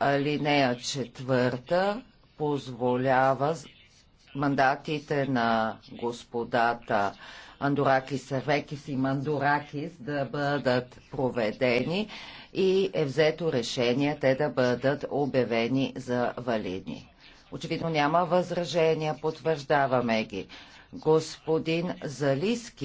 Алинея четвърта позволява мандатите на господата Андоракис Севекис и Мандоракис да бъдат проведени и е взето решение те да бъдат обявени за валидни. Очевидно няма възражения, потвърждаваме ги. Господин Залиски